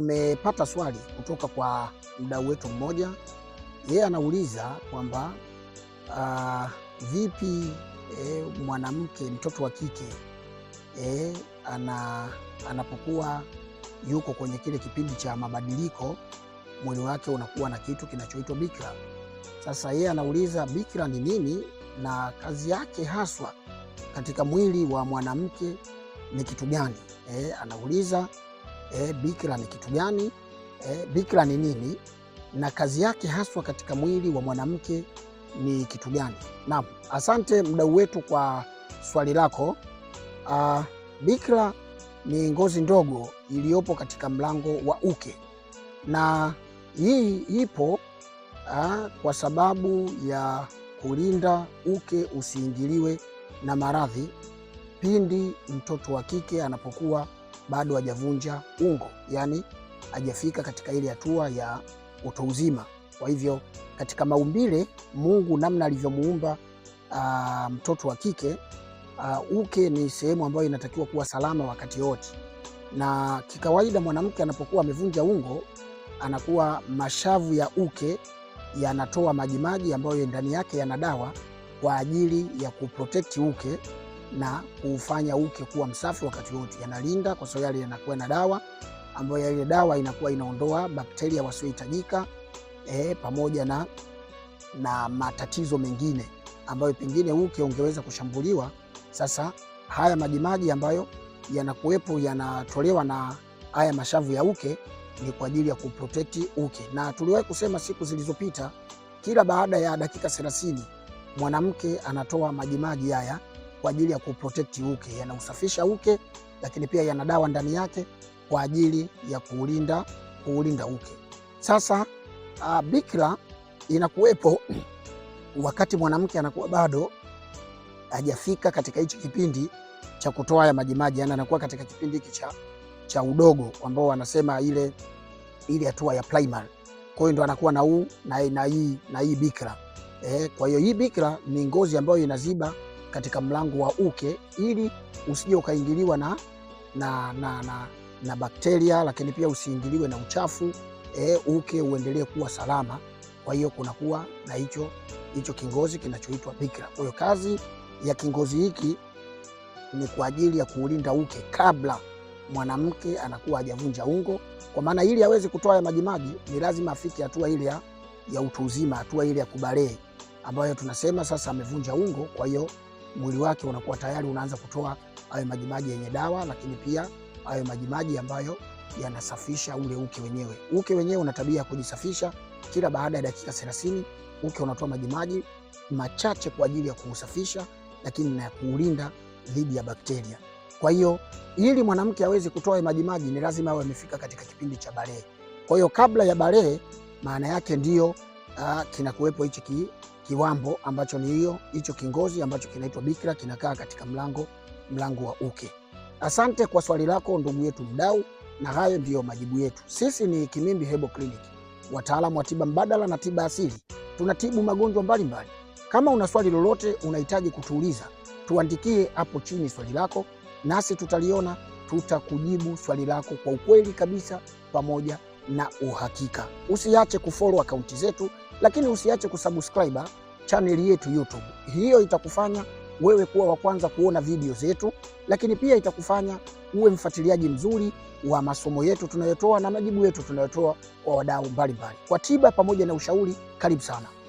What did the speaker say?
Tumepata swali kutoka kwa mdau wetu mmoja, yeye anauliza kwamba uh, vipi eh, mwanamke mtoto wa kike eh, ana, anapokuwa yuko kwenye kile kipindi cha mabadiliko mwili wake unakuwa na kitu kinachoitwa bikira. Sasa yeye anauliza bikira ni nini na kazi yake haswa katika mwili wa mwanamke ni kitu gani? Eh, anauliza eh, bikira ni kitu gani? Eh, bikira ni nini na kazi yake haswa katika mwili wa mwanamke ni kitu gani? Naam, asante mdau wetu kwa swali lako. Uh, bikira ni ngozi ndogo iliyopo katika mlango wa uke na hii ipo uh, kwa sababu ya kulinda uke usiingiliwe na maradhi pindi mtoto wa kike anapokuwa bado hajavunja ungo, yani hajafika katika ile hatua ya utu uzima. Kwa hivyo katika maumbile Mungu namna alivyomuumba ah, mtoto wa kike a, ah, uke ni sehemu ambayo inatakiwa kuwa salama wakati wote, na kikawaida mwanamke anapokuwa amevunja ungo anakuwa mashavu ya uke yanatoa majimaji ambayo ndani yake yana dawa kwa ajili ya kuprotekti uke na kuufanya uke kuwa msafi wakati wote. Yanalinda kwa sababu yale yanakuwa na dawa ambayo ile dawa inakuwa inaondoa bakteria wasiohitajika e, pamoja na, na matatizo mengine ambayo pengine uke ungeweza kushambuliwa. Sasa haya majimaji ambayo yanakuwepo yanatolewa na haya mashavu ya uke ni kwa ajili ya kuprotect uke, na tuliwahi kusema siku zilizopita, kila baada ya dakika 30 mwanamke anatoa majimaji haya kwa ajili ya kuprotect uke, yanausafisha uke, lakini pia yana dawa ndani yake kwa ajili ya kuulinda kuulinda uke. Sasa uh, ah, bikra inakuwepo wakati mwanamke anakuwa bado hajafika katika hichi kipindi cha kutoa haya majimaji, yani anakuwa katika kipindi hiki cha, cha udogo ambao wanasema ile ile hatua ya primary. Kwa hiyo ndo anakuwa na huu na hii na hii bikra eh. Kwa hiyo hii bikra ni ngozi ambayo inaziba katika mlango wa uke ili usije ukaingiliwa na, na, na, na, na bakteria, lakini pia usiingiliwe na uchafu e, uke uendelee kuwa salama. Kwa hiyo kunakuwa na hicho hicho kingozi kinachoitwa bikira. Kwa hiyo kazi ya kingozi hiki ni kwa ajili ya kuulinda uke kabla mwanamke anakuwa hajavunja ungo, kwa maana ili aweze kutoa ya majimaji ni lazima afike hatua ile ya, ya utu uzima, hatua ile ya kubalee ambayo tunasema sasa amevunja ungo, kwa hiyo mwili wake unakuwa tayari unaanza kutoa hayo majimaji yenye dawa, lakini pia hayo majimaji ambayo yanasafisha ule uke wenyewe. Uke wenyewe una tabia ya kujisafisha kila baada ya dakika 30, uke unatoa majimaji machache kwa ajili ya kuusafisha, lakini na kuulinda dhidi ya bakteria. Kwa hiyo ili mwanamke aweze kutoa majimaji ni lazima awe amefika katika kipindi cha balee. Kwa hiyo kabla ya balee, maana yake ndiyo ah, kinakuwepo hichi kiwambo ambacho ni hiyo hicho kingozi ambacho kinaitwa bikira kinakaa katika mlango mlango wa uke. Asante kwa swali lako ndugu yetu mdau, na hayo ndiyo majibu yetu. Sisi ni Kimimbi Hebo Clinic, wataalamu wa tiba mbadala na tiba asili. Tunatibu magonjwa mbalimbali. Kama una swali lolote unahitaji kutuuliza, tuandikie hapo chini swali lako, nasi tutaliona, tutakujibu swali lako kwa ukweli kabisa pamoja na uhakika. Usiache kufollow akaunti zetu lakini usiache kusubscribe channel yetu YouTube. Hiyo itakufanya wewe kuwa wa kwanza kuona video zetu, lakini pia itakufanya uwe mfuatiliaji mzuri wa masomo yetu tunayotoa na majibu yetu tunayotoa kwa wadau mbalimbali kwa tiba pamoja na ushauri. Karibu sana.